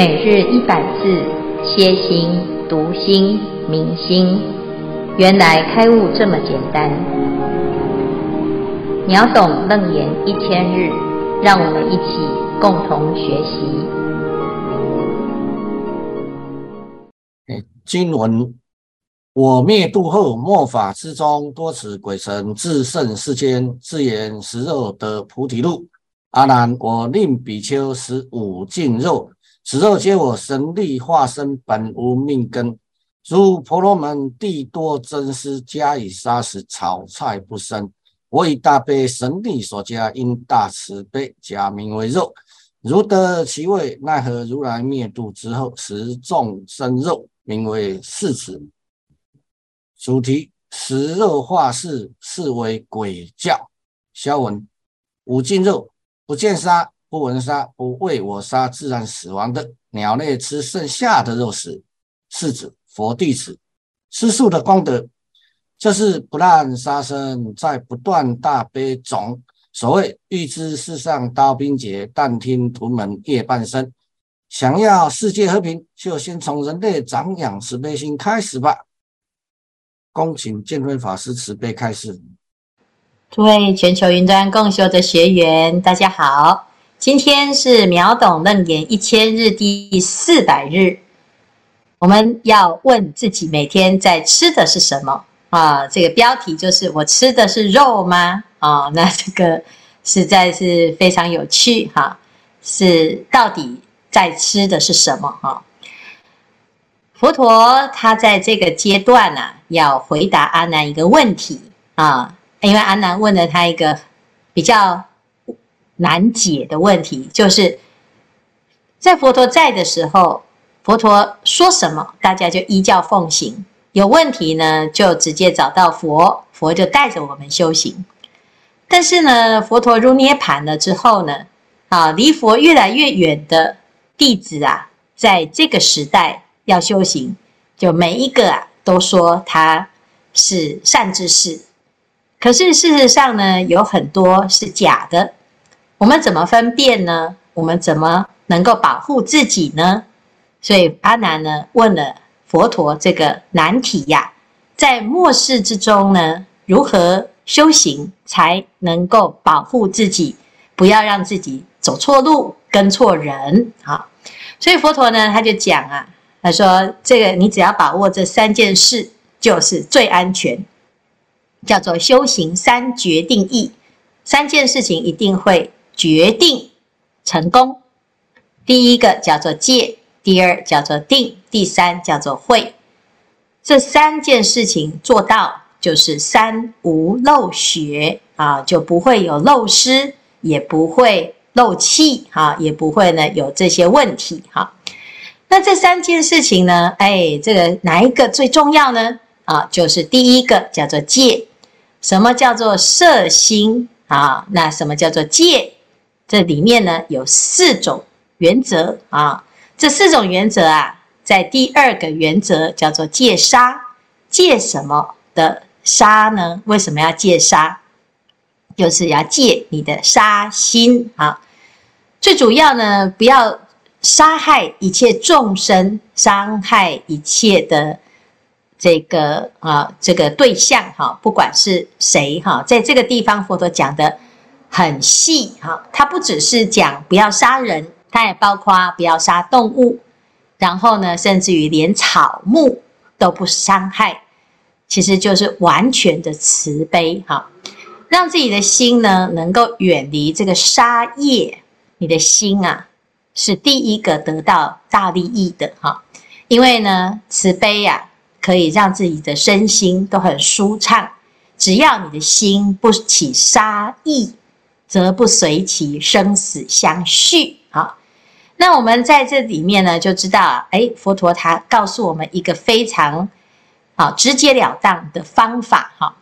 每日一百字，歇心、讀心、明心，原來開悟這麼簡單。秒懂楞嚴一千日，讓我們一起共同學習。經文：我滅度後，末法之中，多此鬼神熾盛世間，自言食肉得菩提路。阿難，我令比丘食五淨肉。此肉皆我神力化身，本無命根。如婆羅門，地多真師加以砂石，草菜不生。我以大悲神力所加，因大慈悲，假名為肉，如得其味。奈何如來滅度之後，食眾生肉，名為釋子。主題：食肉化世，是為鬼教。消文：五見肉，不見殺。不聞殺，不為我殺，自然死亡的鳥類吃剩下的肉食，是指佛弟子吃素的功德。這就是不讓殺生，在不斷大悲種。所謂欲知世上刀兵劫，但聽屠門夜半聲。想要世界和平，就先從人類長養慈悲心開始吧。恭請見輝法師慈悲開示。各位全球雲端共修的學員，大家好。今天是秒懂楞嚴一千日第四百日，我們要問自己每天在吃的是什麼啊？這個標題就是“我吃的是肉嗎？”啊，那這個實在是非常有趣哈、啊，是到底在吃的是什麼哈、啊？佛陀他在這個階段呢、啊，要回答阿難一個問題啊，因為阿難問了他一個比較。難解的問題，就是在佛陀在的時候，佛陀說什麼，大家就依教奉行。有問題呢，就直接找到佛，佛就帶着我們修行。但是呢，佛陀入涅槃了之後呢，啊，離佛越來越遠的弟子啊，在這個時代要修行，就每一個啊都說他是善知識，可是事實上呢，有很多是假的。我們怎麼分辨呢？我們怎麼能夠保護自己呢？所以阿難呢問了佛陀這個難題呀，啊，在末世之中呢，如何修行才能夠保護自己，不要讓自己走錯路，跟錯人啊？所以佛陀呢，他就講啊，他說：“這個你只要把握這三件事，就是最安全，叫做修行三決定義，三件事情一定會。”決定成功，第一個叫做戒，第二叫做定，第三叫做慧，這三件事情做到，就是三無漏學啊，就不會有漏失，也不會漏氣啊，也不會呢有這些問題哈。那這三件事情呢？哎，這個哪一個最重要呢？啊，就是第一個叫做戒。什麼叫做攝心啊？那什麼叫做戒？這裡面呢，有四種原則啊、哦，這四種原則啊，在第二個原則叫做戒殺，戒什麼的殺呢？為什麼要戒殺？就是要戒你的殺心啊、哦。最主要呢，不要殺害一切眾生，傷害一切的這個啊、哦、這個對象哈、哦，不管是誰哈、哦，在這個地方佛陀講的。很細哈，它不只是講不要殺人，它也包括不要殺動物，然後呢，甚至於連草木都不傷害，其實就是完全的慈悲哈，讓自己的心呢能夠遠離這個殺業，你的心啊是第一個得到大利益的哈，因為呢慈悲呀、啊、可以讓自己的身心都很舒暢，只要你的心不起殺意。則不隨其生死相續。啊。那我們在這裡面呢，就知道誒、哎、佛陀他告訴我們一個非常啊直截了當的方法。哈，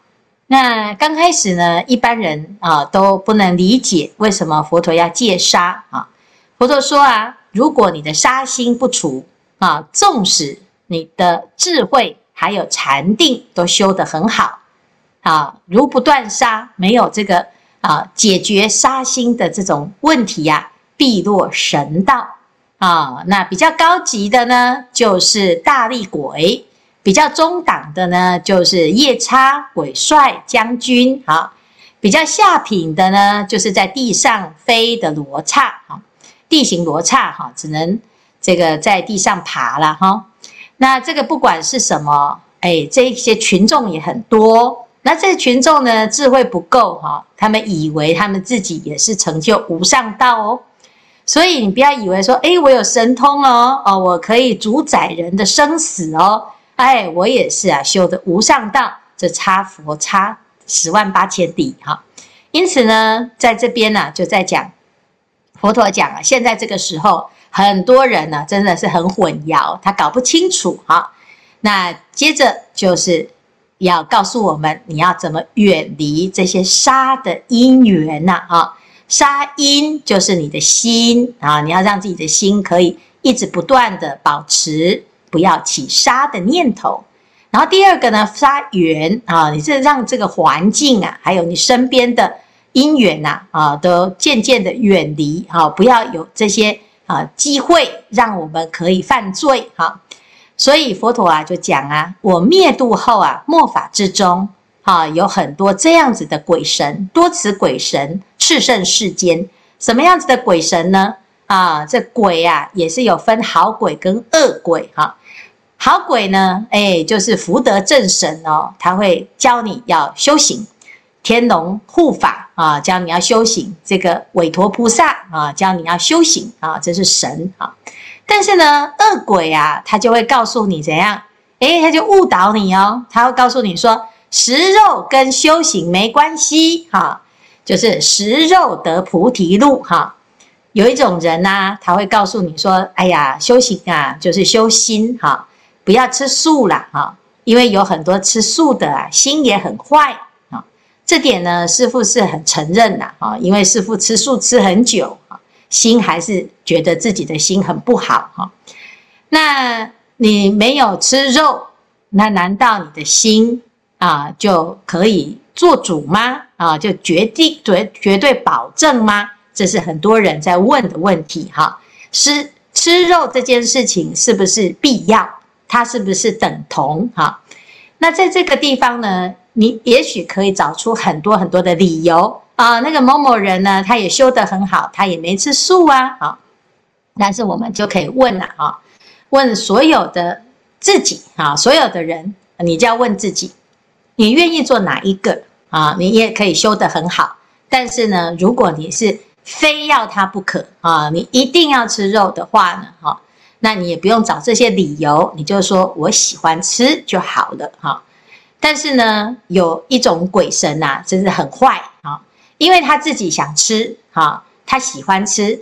那剛開始呢，一般人啊都不能理解為什麼佛陀要戒殺啊。佛陀說啊，如果你的殺心不除啊，縱使你的智慧還有禪定都修得很好啊，如不斷殺，沒有這個。啊，解決殺心的這種問題呀、啊，必落神道啊、哦。那比較高級的呢，就是大力鬼；比較中檔的呢，就是夜叉鬼帥將軍。啊、哦，比較下品的呢，就是在地上飛的羅剎。好、哦，地行羅剎哈，只能這個在地上爬了哈、哦。那這個不管是什麼，哎，這一些群眾也很多。那這群眾呢，智慧不夠哈、哦，他們以為他們自己也是成就無上道哦，所以你不要以為說，哎、欸，我有神通哦，哦，我可以主宰人的生死哦，哎、欸，我也是啊，修的無上道，這差佛差十萬八千里哈。因此呢，在這邊呢、啊，就在講佛陀講啊，現在這個時候，很多人呢、啊，真的是很混淆，他搞不清楚哈。那接着就是。要告訴我們，你要怎麼遠離這些殺的因緣吶、啊？啊，殺因就是你的心啊，你要讓自己的心可以一直不斷地保持，不要起殺的念頭。然後第二個呢，殺緣啊，你是讓這個環境啊，還有你身邊的因緣吶啊，啊，都漸漸的遠離哈、啊，不要有這些啊機會讓我們可以犯罪哈。啊所以佛陀啊，就講啊，我滅度後啊，末法之中，啊，有很多這樣子的鬼神，多此鬼神，熾盛世間，什麼樣子的鬼神呢？啊，這鬼啊，也是有分好鬼跟惡鬼哈、啊。好鬼呢，誒、哎、就是福德正神哦，他會教你要修行天龍護法啊，教你要修行這個韋陀菩薩啊，教你要修行啊，這是神啊。但是呢，惡鬼啊，他就會告訴你怎樣，誒、欸，他就誤導你哦，他會告訴你說，食肉跟修行沒關係哈、哦，就是食肉得菩提路哈、哦。有一種人啊，他會告訴你說，哎呀，修行啊，就是修心哈、哦，不要吃素啦哈、哦，因為有很多吃素的、啊、心也很壞啊、哦。這點呢，師父是很承認的啊、哦，因為師父吃素吃很久。心還是覺得自己的心很不好哈？那你沒有吃肉，那難道你的心啊就可以做主嗎？啊，就絕對絕絕對保證嗎？這是很多人在問的問題哈。吃吃肉這件事情是不是必要？它是不是等同哈？那在這個地方呢，你也許可以找出很多很多的理由啊，那個某某人呢，他也修得很好，他也沒吃素啊，啊，但是我們就可以問了啊，問所有的自己啊，所有的人，你就要問自己，你願意做哪一個啊？你也可以修得很好，但是呢，如果你是非要他不可啊，你一定要吃肉的話呢，哈，那你也不用找這些理由，你就說我喜歡吃就好了，哈。但是呢，有一種鬼神吶，啊，真是很壞啊！因為他自己想吃啊，他喜歡吃，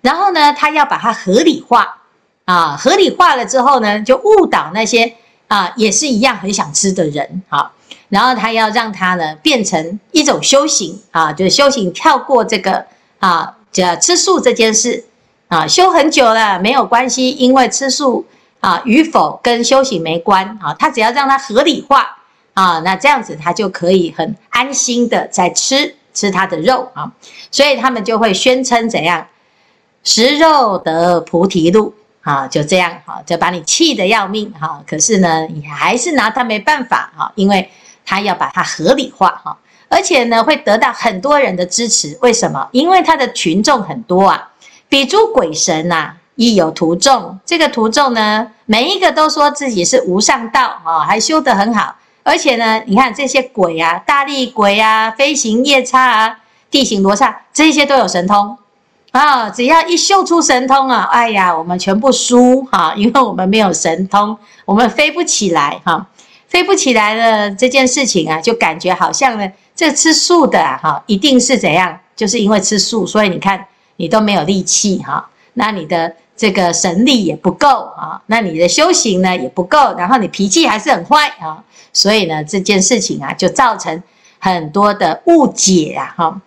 然後呢，他要把它合理化啊，合理化了之後呢，就誤導那些啊也是一樣很想吃的人啊。然後他要讓他呢變成一種修行啊，就是修行跳過這個啊，這吃素這件事啊，修很久了沒有關係，因為吃素啊與否跟修行沒關啊，他只要讓它合理化。啊、哦，那這樣子他就可以很安心的在吃吃他的肉啊、哦，所以他們就會宣稱怎樣，食肉得菩提路啊、哦，就這樣哈、哦，就把你氣得要命哈、哦。可是呢，你還是拿他沒辦法哈、哦，因為他要把它合理化哈、哦，而且呢會得到很多人的支持。為什麼？因為他的群眾很多啊，比諸鬼神啊，亦有徒眾。這個徒眾呢，每一個都說自己是無上道啊、哦，還修得很好。而且呢，你看這些鬼啊，大力鬼啊，飛行夜叉啊，地行羅剎，這些都有神通啊、哦。只要一秀出神通啊，哎呀，我們全部輸哈，因為我們沒有神通，我們飛不起來哈、哦，飛不起來的這件事情啊，就感覺好像呢，這個、吃素的哈、啊，一定是怎樣，就是因為吃素，所以你看你都沒有力氣哈，那你的。這個神力也不夠啊，那你的修行呢也不夠，然後你脾氣還是很壞啊，所以呢這件事情啊就造成很多的誤解啊哈。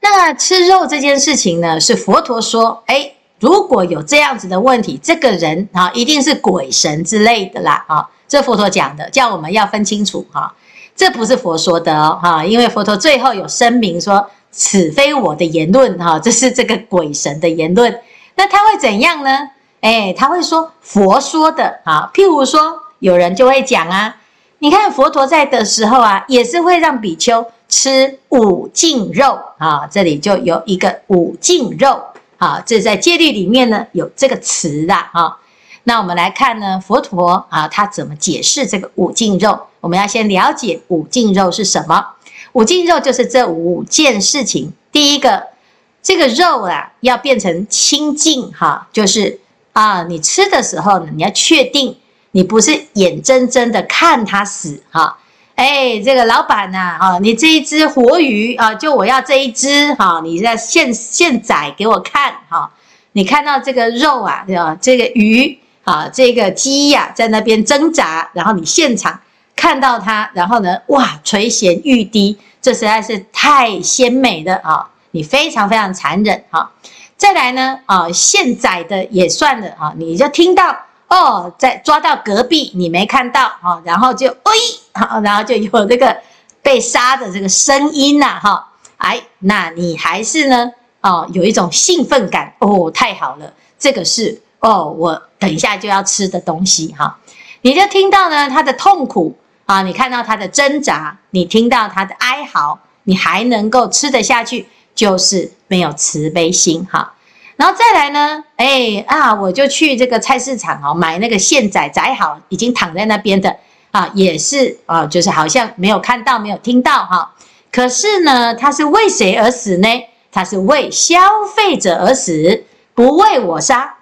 那吃肉這件事情呢，是佛陀說，誒，如果有這樣子的問題，這個人啊一定是鬼神之類的啦啊，這佛陀講的，叫我們要分清楚哈，這不是佛說的哦哈，因為佛陀最後有聲明說，此非我的言論哈，這是這個鬼神的言論。那他會怎樣呢？哎，他會說佛說的啊。譬如說，有人就會講啊，你看佛陀在的時候啊，也是會讓比丘吃五淨肉啊。這裡就有一個五淨肉啊，這在戒律裡面呢有這個詞的啊。那我們來看呢，佛陀啊，他怎麼解釋這個五淨肉？我們要先了解五淨肉是什麼。五淨肉就是這五件事情，第一個。這個肉啊，要變成清淨哈、啊，就是啊，你吃的時候呢，你要確定你不是眼睜睜的看它死哈、啊。哎，這個老板吶、啊，啊，你這一只活魚啊，就我要這一只哈、啊，你在現現宰給我看哈、啊。你看到這個肉啊，這個魚啊，這個雞呀、啊，在那邊掙扎，然後你現場看到它，然後呢，哇，垂涎欲滴，這實在是太鮮美了啊！你非常非常殘忍哈、哦！再來呢啊、哦，現宰的也算了哈、哦。你就聽到哦，在抓到隔壁，你沒看到哈、哦，然後就喂、哎，然後就有那個被殺的這個聲音吶、啊、哈、哦。哎，那你還是呢哦，有一種興奮感哦，太好了，這個是哦，我等一下就要吃的東西哈、哦。你就聽到呢他的痛苦啊、哦，你看到他的掙扎，你聽到他的哀嚎，你還能夠吃得下去。就是沒有慈悲心哈，然後再來呢，誒、欸、啊，我就去這個菜市場哦，買那個現宰宰好已經躺在那邊的啊，也是啊，就是好像沒有看到沒有聽到哈，可是呢，他是為誰而死呢？他是為消費者而死，不為我殺。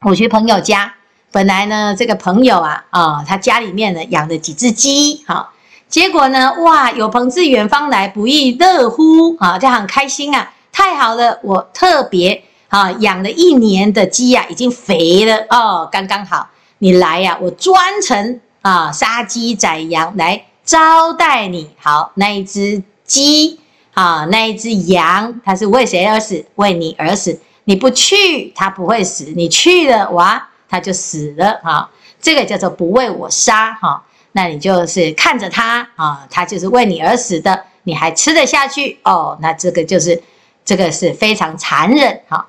我去朋友家，本來呢，這個朋友啊啊、哦，他家裡面呢養了幾隻雞哈。結果呢？哇，有朋自遠方來，不亦樂乎啊！這樣很開心啊，太好了！我特別啊養了一年的雞呀、啊，已經肥了哦，剛剛好。你來呀、啊，我專程啊殺雞宰羊來招待你。好，那一隻雞啊，那一隻羊，它是為誰而死？為你而死。你不去，它不會死；你去了哇，它就死了啊。這個叫做不為我殺哈。啊那你就是看着他啊、哦，他就是為你而死的，你還吃得下去哦？那這個就是，這個是非常殘忍哈、哦。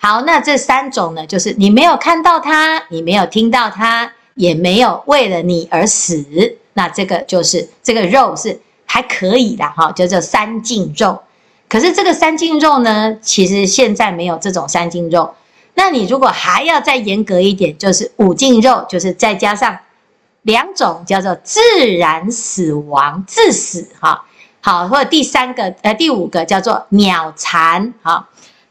好，那這三種呢，就是你沒有看到他，你沒有聽到他，也沒有為了你而死，那這個就是這個肉是還可以的哈，哦、就叫做三淨肉。可是這個三淨肉呢，其實現在沒有這種三淨肉。那你如果還要再嚴格一點，就是五淨肉，就是再加上。兩種叫做自然死亡、自死，哈，好，或者第三個呃第五個叫做鳥殘，哈，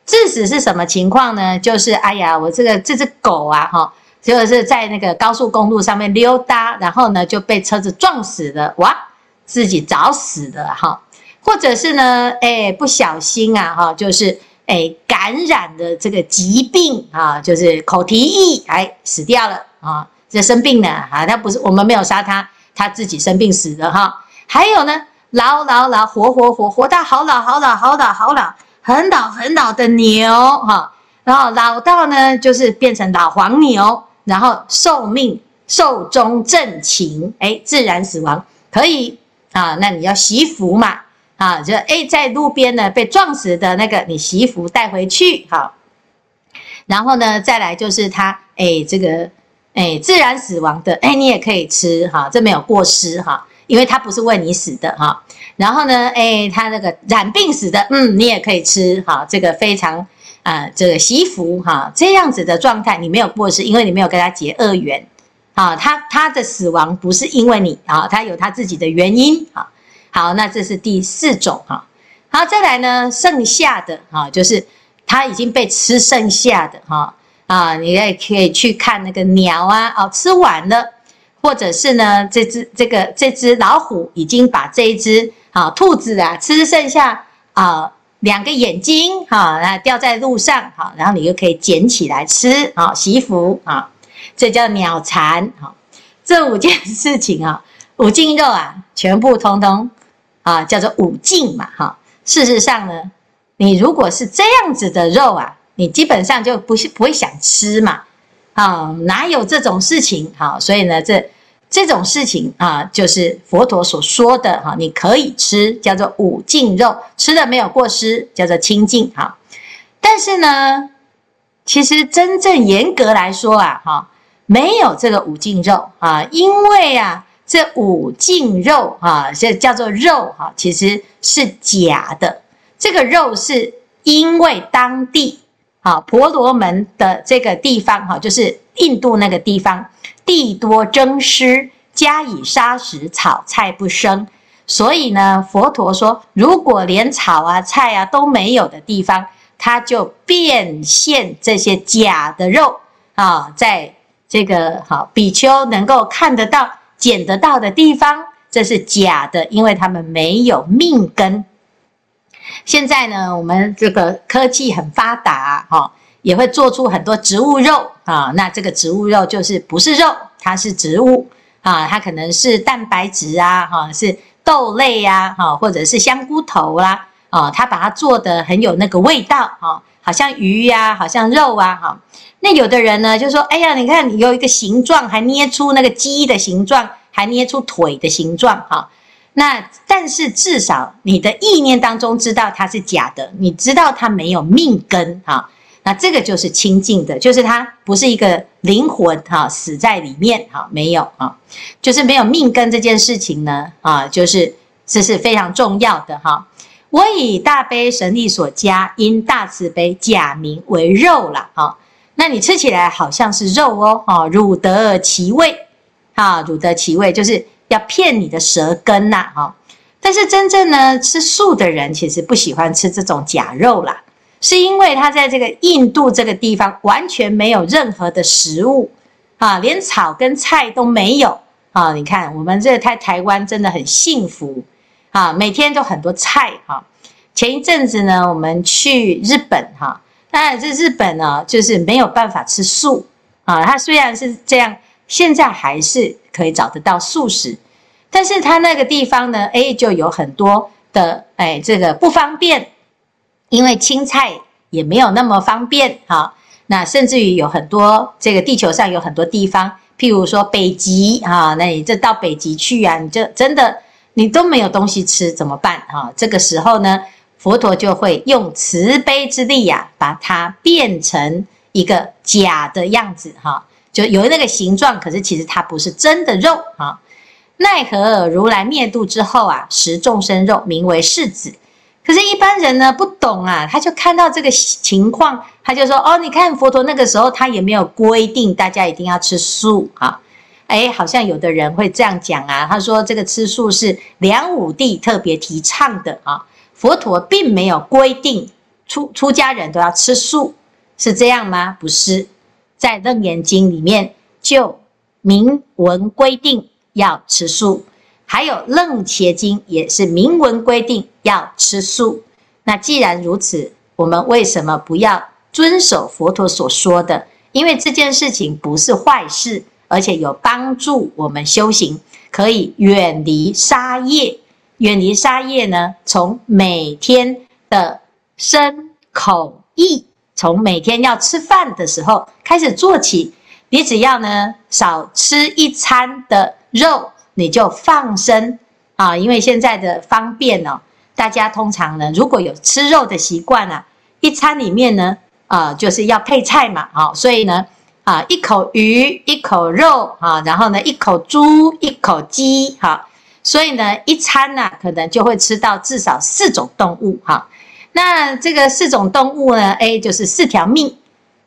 自死是什麼情況呢？就是哎呀，我這個這隻狗啊，哈、哦，就是在那個高速公路上面溜達，然後呢就被車子撞死的哇，自己找死的哈、哦，或者是呢，哎，不小心啊，哈、哦，就是哎感染的這個疾病啊、哦，就是口蹄疫，哎，死掉了啊。哦這生病了啊！他不是我們沒有殺他，他自己生病死了哈。還有呢，老老老，活活活，活到好老好老好老好老，很老很老的牛哈。然後老到呢，就是變成老黃牛，然後壽命壽終正寢，哎、欸，自然死亡可以啊。那你要惜福嘛啊，就哎、欸，在路邊呢被撞死的那個，你惜福帶回去哈。然後呢，再來就是他哎、欸、這個。哎，自然死亡的，哎，你也可以吃哈，這沒有過失哈，因為他不是為你死的哈。然後呢，哎，他那個染病死的，嗯，你也可以吃哈，這個非常啊、呃，這個惜福哈，這樣子的狀態你沒有過失，因為你沒有跟他結惡緣，啊，他他的死亡不是因為你啊，他有他自己的原因啊。好，那這是第四種哈。好，再來呢，剩下的哈，就是他已經被吃剩下的哈。啊，你也可以去看那個鳥啊，哦、啊，吃完了，或者是呢，這只這個這只老虎已經把這一隻啊兔子啊吃剩下啊兩個眼睛哈，那、啊、掉在路上哈、啊，然後你就可以撿起來吃啊，惜福啊，這叫鳥殘哈、啊。這五件事情啊，五淨肉啊，全部通通啊叫做五淨嘛哈、啊。事實上呢，你如果是這樣子的肉啊。你基本上就不是不會想吃嘛，啊，哪有這種事情？哈、啊，所以呢，這這種事情啊，就是佛陀所說的哈、啊，你可以吃，叫做五淨肉，吃了沒有過失，叫做清淨。哈、啊，但是呢，其實真正嚴格來說啊，哈、啊，沒有這個五淨肉啊，因為啊，這五淨肉啊，這叫做肉哈、啊，其實是假的。這個肉是因為當地。啊、哦，婆羅門的這個地方，哈、哦，就是印度那個地方，地多蒸濕，加以砂石，草菜不生。所以呢，佛陀說，如果連草啊菜啊都沒有的地方，他就變現這些假的肉啊、哦，在這個好、哦、比丘能夠看得到、撿得到的地方，這是假的，因為他們沒有命根。現在呢，我們這個科技很發達哈，也會做出很多植物肉啊。那這個植物肉就是不是肉，它是植物啊，它可能是蛋白質啊，哈，是豆類呀，哈，或者是香菇頭啦，啊，它把它做得很有那個味道哈，好像魚呀、啊，好像肉啊，哈。那有的人呢就說，哎呀，你看你有一個形狀，還捏出那個雞的形狀，還捏出腿的形狀，哈。那但是至少你的意念當中知道它是假的，你知道它沒有命根哈、啊，那這個就是清淨的，就是它不是一個靈魂哈、啊，死在裡面哈、啊，沒有啊，就是沒有命根這件事情呢啊，就是這是非常重要的哈、啊。我以大悲神力所加，因大慈悲假名為肉啦哈、啊，那你吃起來好像是肉哦，啊，汝得其味啊，汝得其味就是。要騙你的舌根吶，哈！但是真正呢，吃素的人其實不喜歡吃這種假肉啦，是因為他在這個印度這個地方完全沒有任何的食物，啊，連草跟菜都沒有啊！你看，我們這在台灣真的很幸福，啊，每天都很多菜哈、啊。前一陣子呢，我們去日本哈，當然這日本呢，就是沒有辦法吃素啊，他雖然是這樣。現在還是可以找得到素食，但是它那個地方呢，誒，就有很多的誒，這個不方便，因為青菜也沒有那麼方便哈、哦。那甚至於有很多這個地球上有很多地方，譬如說北極哈、哦，那你這到北極去呀、啊，你這真的你都沒有東西吃怎麼辦哈、哦，這個時候呢，佛陀就會用慈悲之力呀、啊，把它變成一個假的樣子哈。哦就有那個形狀，可是其實它不是真的肉啊。奈何如來滅度之後啊，食眾生肉，名為釋子。可是，一般人呢，不懂啊，他就看到這個情況，他就說：“哦，你看佛陀那個時候他也沒有規定大家一定要吃素啊。”哎，好像有的人會這樣講啊，他說這個吃素是梁武帝特別提倡的啊，佛陀並沒有規定出出家人都要吃素，是這樣嗎？不是。在楞嚴經裡面就明文規定要吃素，還有楞伽經也是明文規定要吃素。那既然如此，我們為什麼不要遵守佛陀所說的？因為這件事情不是壞事，而且有幫助我們修行，可以遠離殺業。遠離殺業呢，從每天的身口意，從每天要吃飯的時候開始做起，你只要呢少吃一餐的肉，你就放生啊！因為現在的方便呢、哦，大家通常呢如果有吃肉的習慣啊，一餐裡面呢，啊，就是要配菜嘛、啊，所以呢，啊，一口魚，一口肉啊，然後呢，一口豬，一口雞，好，所以呢，一餐呢、啊、可能就會吃到至少四種動物，哈。那這個四種動物呢？哎，就是四條命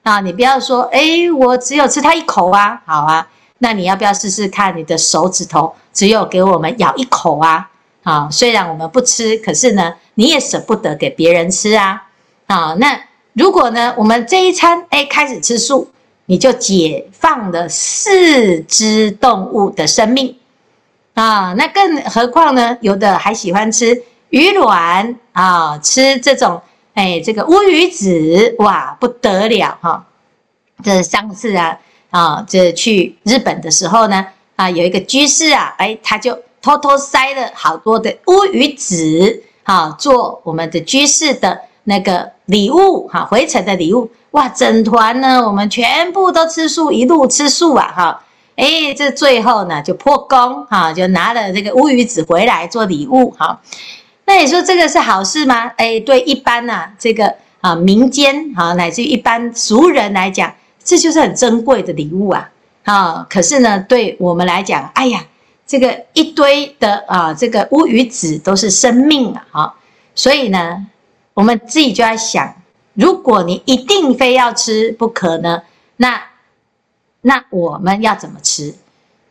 啊！你不要說，誒，我只有吃它一口啊，好啊。那你要不要試試看？你的手指頭只有給我們咬一口啊？啊，雖然我們不吃，可是呢，你也捨不得給別人吃啊？啊，那如果呢，我們這一餐哎，開始吃素，你就解放了四隻動物的生命啊！那更何況呢，有的還喜歡吃魚卵。啊、哦，吃這種，哎、欸，這個烏魚子，哇，不得了哈、哦！這上次啊，啊、哦，這去日本的時候呢，啊，有一個居士啊，哎、欸，他就偷偷塞了好多的烏魚子，哈、哦，做我們的居士的那個禮物，哈、哦，回程的禮物，哇，整團呢，我們全部都吃素，一路吃素啊，哈、哦，哎、欸，這最後呢，就破功，哈、哦，就拿了這個烏魚子回來做禮物，哈、哦。那你說這個是好事嗎？哎，對一般吶，啊，這個啊，民間啊，乃至於一般俗人來講，這就是很珍貴的禮物啊！啊，可是呢，對我們來講，哎呀，這個一堆的啊，這個烏魚子都是生命啊，啊！所以呢，我們自己就要想，如果你一定非要吃不可呢，那那我們要怎麼吃？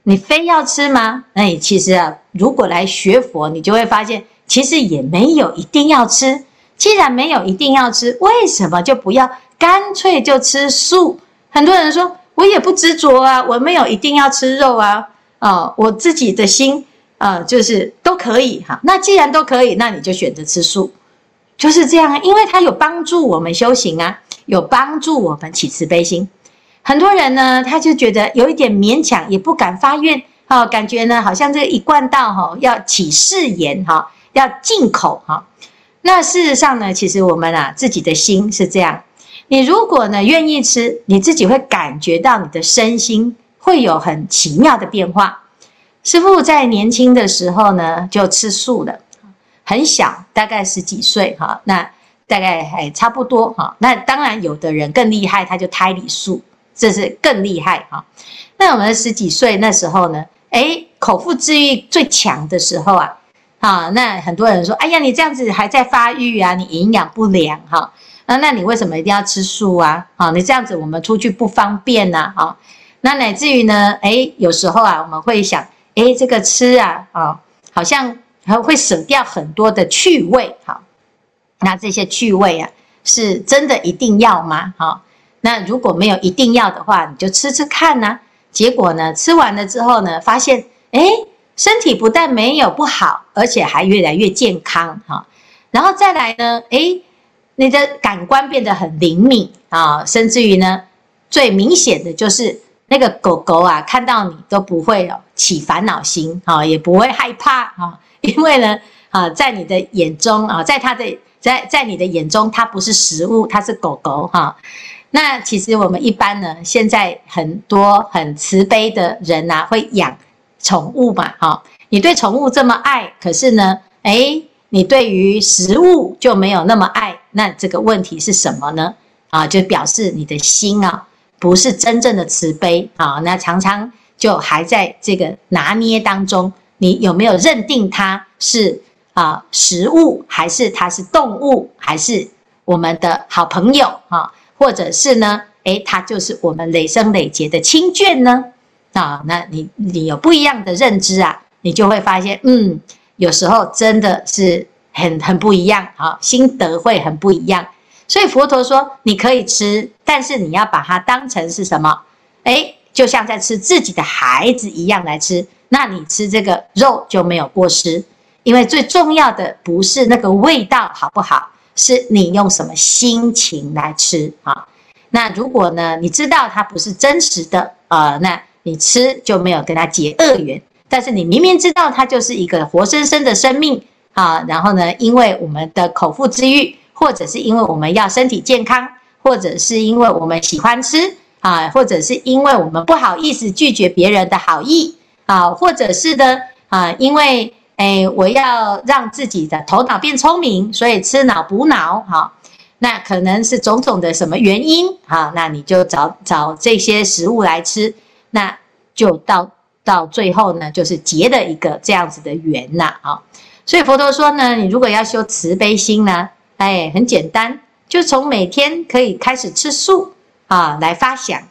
你非要吃嗎？那你其實啊，如果來學佛，你就會發現。其實也沒有一定要吃，既然沒有一定要吃，為什麼就不要乾脆就吃素？很多人說，我也不執着啊，我沒有一定要吃肉啊，啊、呃，我自己的心啊、呃，就是都可以哈。那既然都可以，那你就選擇吃素，就是這樣，因為它有幫助我們修行啊，有幫助我們起慈悲心。很多人呢，他就覺得有一點勉強，也不敢發願啊、哦，感覺呢好像這個一貫道哈、哦、要起誓言哈。哦要進口哈，那事實上呢，其實我們啊自己的心是這樣。你如果呢願意吃，你自己會感覺到你的身心會有很奇妙的變化。師父在年輕的時候呢就吃素了，很小，大概十幾歲哈，那大概還差不多哈。那當然，有的人更厲害，他就胎裡素，這是更厲害哈。那我們十幾歲那時候呢，誒，口腹之欲最強的時候啊。啊，那很多人說，哎呀，你這樣子還在發育啊，你營養不良哈。那那你為什麼一定要吃素啊？啊，你這樣子我們出去不方便呢。啊，那乃至於呢，哎、欸，有時候啊，我們會想，哎、欸，這個吃啊，好像還會省掉很多的趣味。好，那這些趣味啊，是真的一定要嗎？好，那如果沒有一定要的話，你就吃吃看啊。結果呢，吃完了之後呢，發現，誒、欸身體不但沒有不好，而且還越來越健康哈、哦，然後再來呢，哎，你的感官變得很靈敏啊、哦，甚至於呢，最明顯的就是那個狗狗啊，看到你都不會有起煩惱心啊、哦，也不會害怕哈、哦，因為呢，啊，在你的眼中啊、哦，在它的在在你的眼中，它不是食物，它是狗狗哈、哦。那其實我們一般呢，現在很多很慈悲的人啊，會養。寵物嘛，哈、哦，你對寵物這麼愛，可是呢，哎，你對於食物就沒有那麼愛，那這個問題是什麼呢？啊，就表示你的心啊，不是真正的慈悲啊，那常常就還在這個拿捏當中。你有沒有認定它是啊、呃、食物，還是它是動物，還是我們的好朋友啊，或者是呢，哎，它就是我們累生累劫的親眷呢？啊、哦，那你你有不一樣的認知啊，你就會發現，嗯，有時候真的是很很不一樣啊、哦，心得會很不一樣。所以佛陀說，你可以吃，但是你要把它當成是什麼？哎、欸，就像在吃自己的孩子一樣來吃。那你吃這個肉就沒有過失，因為最重要的不是那個味道好不好，是你用什麼心情來吃啊、哦。那如果呢，你知道它不是真實的，呃，那。你吃就沒有跟他結惡緣，但是你明明知道他就是一個活生生的生命啊，然後呢，因為我們的口腹之慾，或者是因為我們要身體健康，或者是因為我們喜歡吃啊，或者是因為我們不好意思拒絕別人的好意啊，或者是的啊，因為哎，我要讓自己的頭腦變聰明，所以吃腦補腦哈，啊，那可能是種種的什麼原因啊，那你就找找這些食物來吃那。就到到最後呢，就是結了一個這樣子的緣吶啊，所以佛陀說呢，你如果要修慈悲心呢、啊，哎，很簡單，就從每天可以開始吃素啊來發想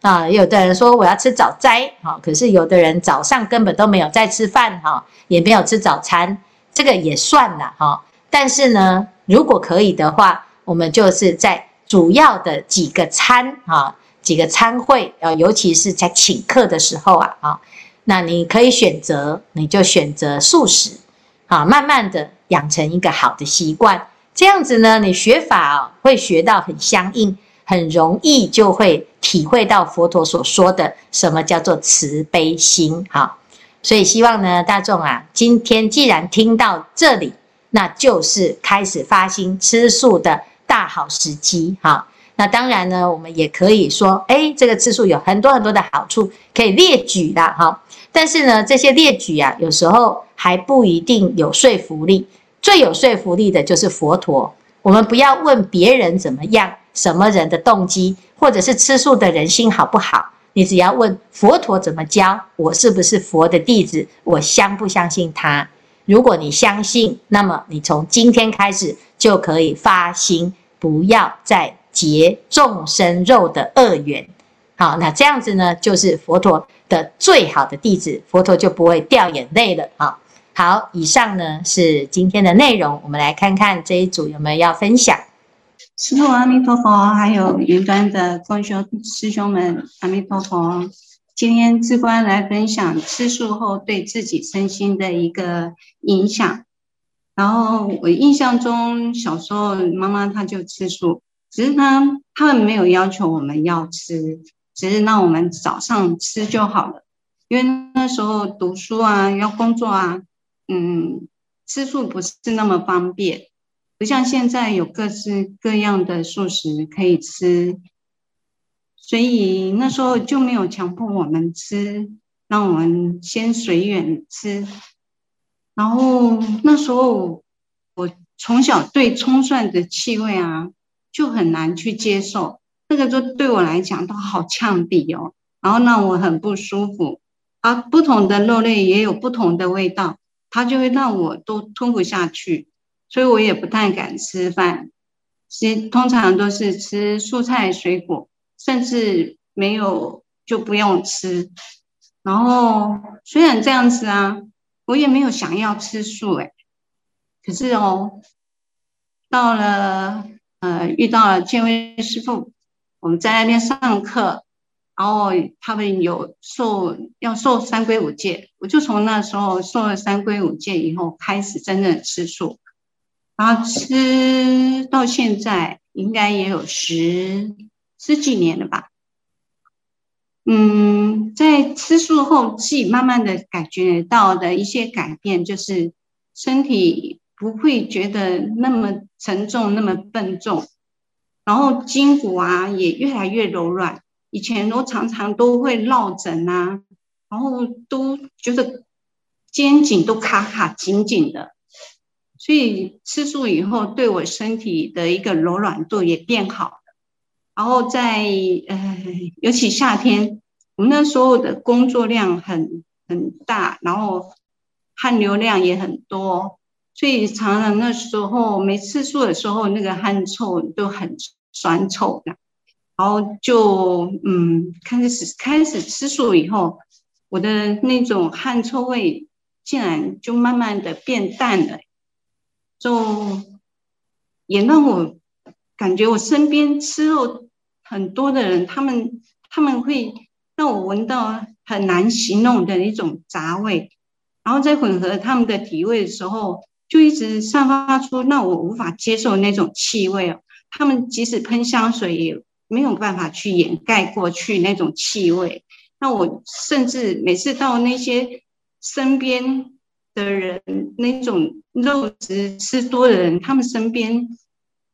啊。有的人說我要吃早齋啊，可是有的人早上根本都沒有在吃飯哈、啊，也沒有吃早餐，這個也算了哈、啊。但是呢，如果可以的話，我們就是在主要的幾個餐啊。幾個餐會啊，尤其是在請客的時候啊，啊，那你可以選擇，你就選擇素食，啊，慢慢的養成一個好的習慣。這樣子呢，你學法會學到很相應，很容易就會體會到佛陀所說的什麼叫做慈悲心，哈。所以希望呢，大眾啊，今天既然聽到這裡，那就是開始發心吃素的大好時機，哈。那當然呢，我們也可以說，哎、欸，這個吃素有很多很多的好處可以列舉的哈。但是呢，這些列舉啊，有時候還不一定有說服力。最有說服力的就是佛陀。我們不要問別人怎麼樣，什麼人的動機，或者是吃素的人心好不好。你只要問佛陀怎麼教，我是不是佛的弟子，我相不相信他？如果你相信，那麼你從今天開始就可以發心，不要再。結眾生肉的惡緣。好，那這樣子呢，就是佛陀的最好的弟子，佛陀就不會掉眼淚了。好，好，以上呢，是今天的內容，我們來看看這一組有沒有要分享。師父，阿彌陀佛，還有雲端的共修師兄們，阿彌陀佛。今天志觀來分享吃素後對自己身心的一個影響。然後我印象中，小時候媽媽她就吃素。只是他他們沒有要求我們要吃，只是讓我們早上吃就好了。因為那時候讀書啊，要工作啊，嗯，吃素不是那麼方便，不像現在有各式各樣的素食可以吃，所以那時候就沒有強迫我們吃，讓我們先隨緣吃。然後那時候我從小對蔥蒜的氣味啊。就很難去接受，那個就對我來講都好嗆鼻哦，然後讓我很不舒服。而、啊、不同的肉類也有不同的味道，它就會讓我都吞不下去，所以我也不太敢吃飯。其實通常都是吃蔬菜水果，甚至沒有就不用吃。然後雖然這樣子啊，我也沒有想要吃素哎、欸，可是哦，到了。呃，遇到了見輝師父，我們在那邊上課，然後他們有受要受三皈五戒，我就從那時候受了三皈五戒以後，開始真正吃素，然後吃到現在應該也有十十幾年了吧。嗯，在吃素後，自己慢慢的感覺到的一些改變，就是身體。不會覺得那麼沉重，那麼笨重，然後筋骨啊也越來越柔軟。以前都常常都會落枕啊，然後都覺得肩頸都卡卡緊緊的。所以吃素以後，對我身體的一個柔軟度也變好了。然後在呃，尤其夏天，我們那時候的工作量很很大，然後汗流量也很多。所以，常常那時候沒吃素的時候，那個汗臭都很酸臭的。然後就，嗯，開始開始吃素以後，我的那種汗臭味竟然就慢慢的變淡了。就也讓我感覺我身邊吃肉很多的人，他們他們會讓我聞到很難形容的一種雜味，然後再混合他們的體味的時候。就一直散發出讓我無法接受那種氣味哦，他們即使噴香水也沒有辦法去掩蓋過去那種氣味。那我甚至每次到那些身邊的人，那種肉食吃多的人，他們身邊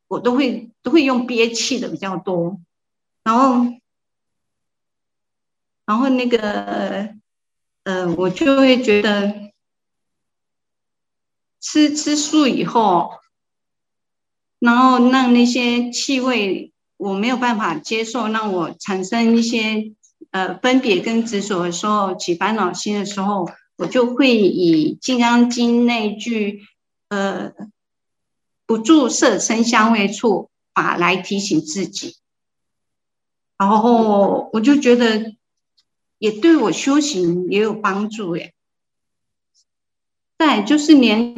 我都會都會用憋氣的比較多，然後然後那個呃，我就會覺得。吃吃素以後，然後讓那些氣味我沒有辦法接受，讓我產生一些呃分別跟執着的時候，起煩惱心的時候，我就會以《金剛經》那句“呃不住色聲香味觸法、啊”來提醒自己，然後我就覺得也對我修行也有幫助耶。對，就是連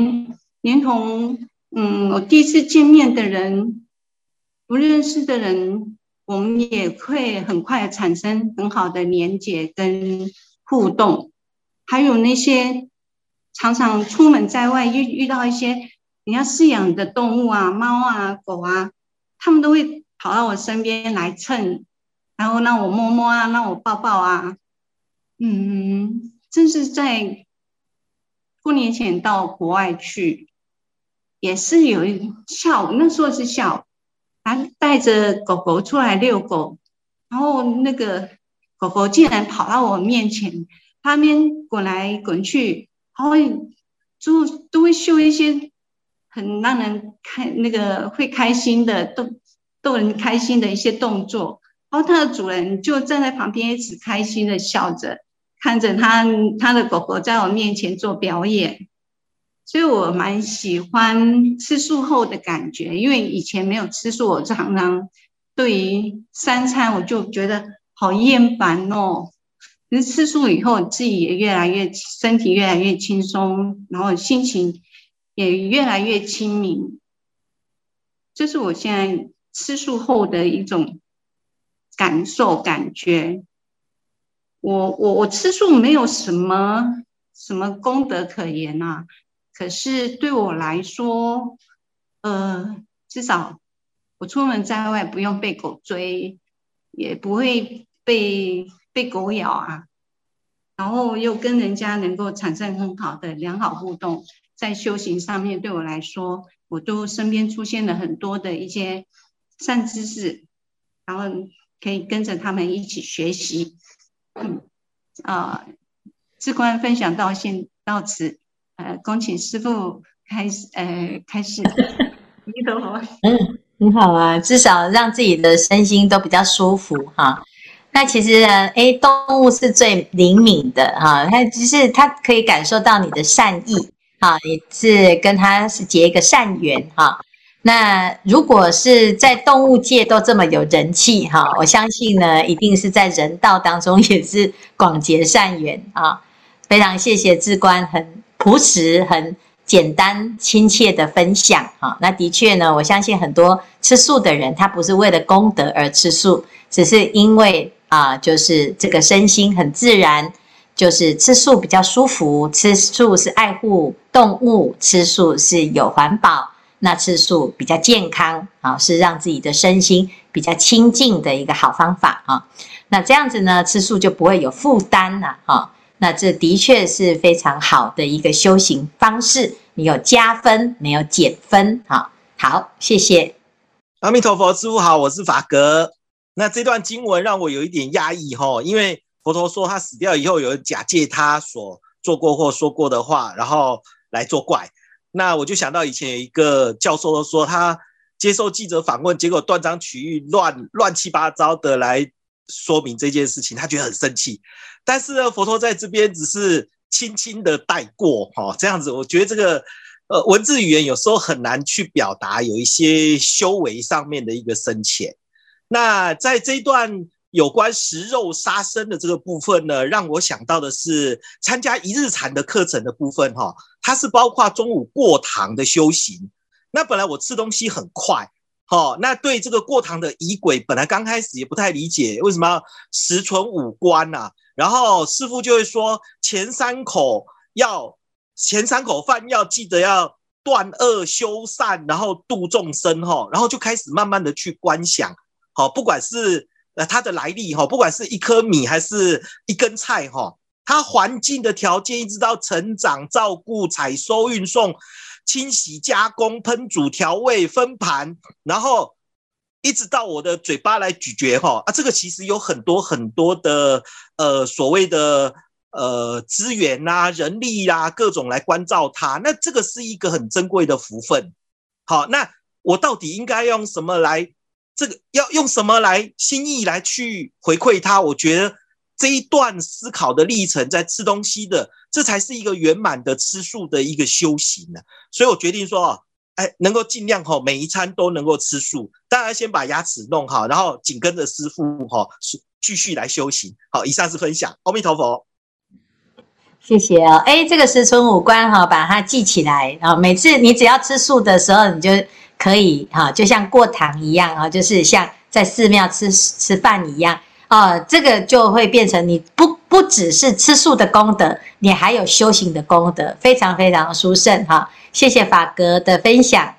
連同嗯，我第一次見面的人，不認識的人，我們也會很快產生很好的連接跟互動。還有那些常常出門在外遇，遇遇到一些你要飼養的動物啊，貓啊、狗啊，他們都會跑到我身邊來蹭，然後讓我摸摸啊，讓我抱抱啊。嗯，真是在。過年前到國外去，也是有一下午。那時候是下午，還帶着狗狗出來遛狗，然後那個狗狗竟然跑到我面前，旁邊滾來滾去，然後就都會秀一些很讓人開那個會開心的逗逗人開心的一些動作，然後它的主人就站在旁邊一直開心的笑着。看着他，他的狗狗在我面前做表演，所以我蠻喜歡吃素後的感覺，因為以前沒有吃素，我常常對於三餐我就覺得好厭煩哦。可是吃素以後，自己也越來越身體越來越輕鬆，然後心情也越來越清明，這，就是我現在吃素後的一種感受感覺。我我我吃素沒有什麼什麼功德可言吶、啊，可是對我來說，呃，至少我出門在外不用被狗追，也不會被被狗咬啊，然後又跟人家能夠產生很好的良好互動。在修行上面，對我來說，我都身邊出現了很多的一些善知識，然後可以跟着他們一起學習。嗯，啊，至關分享到先到此，呃，恭請師父開始，呃，開始， 你好嗎嗯，很好啊，至少讓自己的身心都比較舒服哈、啊。那其實呢，哎、欸，動物是最靈敏的哈、啊，它其實它可以感受到你的善意哈、啊，也是跟它是結一個善緣哈。啊那如果是在動物界都這麼有人氣哈，我相信呢，一定是在人道當中也是廣結善緣啊。非常謝謝志觀，很樸實、很簡單、親切的分享哈，那的確呢，我相信很多吃素的人，他不是為了功德而吃素，只是因為啊，就是這個身心很自然，就是吃素比較舒服，吃素是愛護動物，吃素是有環保。那吃素比較健康啊，是讓自己的身心比較清淨的一個好方法啊。那這樣子呢，吃素就不會有負擔了哈。那這的確是非常好的一個修行方式，你有加分沒有減分，啊，好，謝謝阿彌陀佛，師父好，我是法哥。那這段經文讓我有一點壓抑，因為佛陀說他死掉以後，有假借他所做過或說過的話，然後來作怪。那我就想到以前有一個教授都說，他接受記者訪問，結果斷章取義、亂亂七八糟的來說明這件事情，他覺得很生氣。但是呢，佛陀在這邊只是輕輕的帶過，哈、哦，這樣子，我覺得這個呃文字語言有時候很難去表達，有一些修為上面的一個深淺。那在這一段。有關食肉殺生的這個部分呢，讓我想到的是參加一日禪的課程的部分哈、哦，它是包括中午過堂的修行。那本來我吃東西很快，哈，那對這個過堂的儀軌，本來剛開始也不太理解，為什麼要食存五觀啊。然後師父就會說，前三口要前三口飯要記得要斷惡修善，然後度眾生哈、哦，然後就開始慢慢的去觀想，好，不管是。呃，它的來歷哈，不管是一顆米還是一根菜哈，它環境的條件一直到成長、照顧、採收、運送、清洗、加工、烹煮、調味、分盤，然後一直到我的嘴巴來咀嚼哈，啊，這個其實有很多很多的呃所謂的呃資源吶、啊、人力啦、啊，各種來關照它，那這個是一個很珍貴的福分。好，那我到底應該用什麼來？這個要用什麼來心意來去回饋他？我覺得這一段思考的歷程，在吃東西的，這才是一個圓滿的吃素的一個修行呢。所以我決定說，哎，能夠盡量哈，每一餐都能夠吃素。當然先把牙齒弄好，然後緊跟着師父哈，繼續來修行。好，以上是分享。阿彌陀佛，謝謝啊、哦。哎，這個食存五觀哈、哦，把它記起來啊。每次你只要吃素的時候，你就。可以哈，就像過堂一樣啊，就是像在寺廟吃吃飯一樣啊，這個就會變成你不不只是吃素的功德，你還有修行的功德，非常非常殊勝哈。謝謝法哥的分享。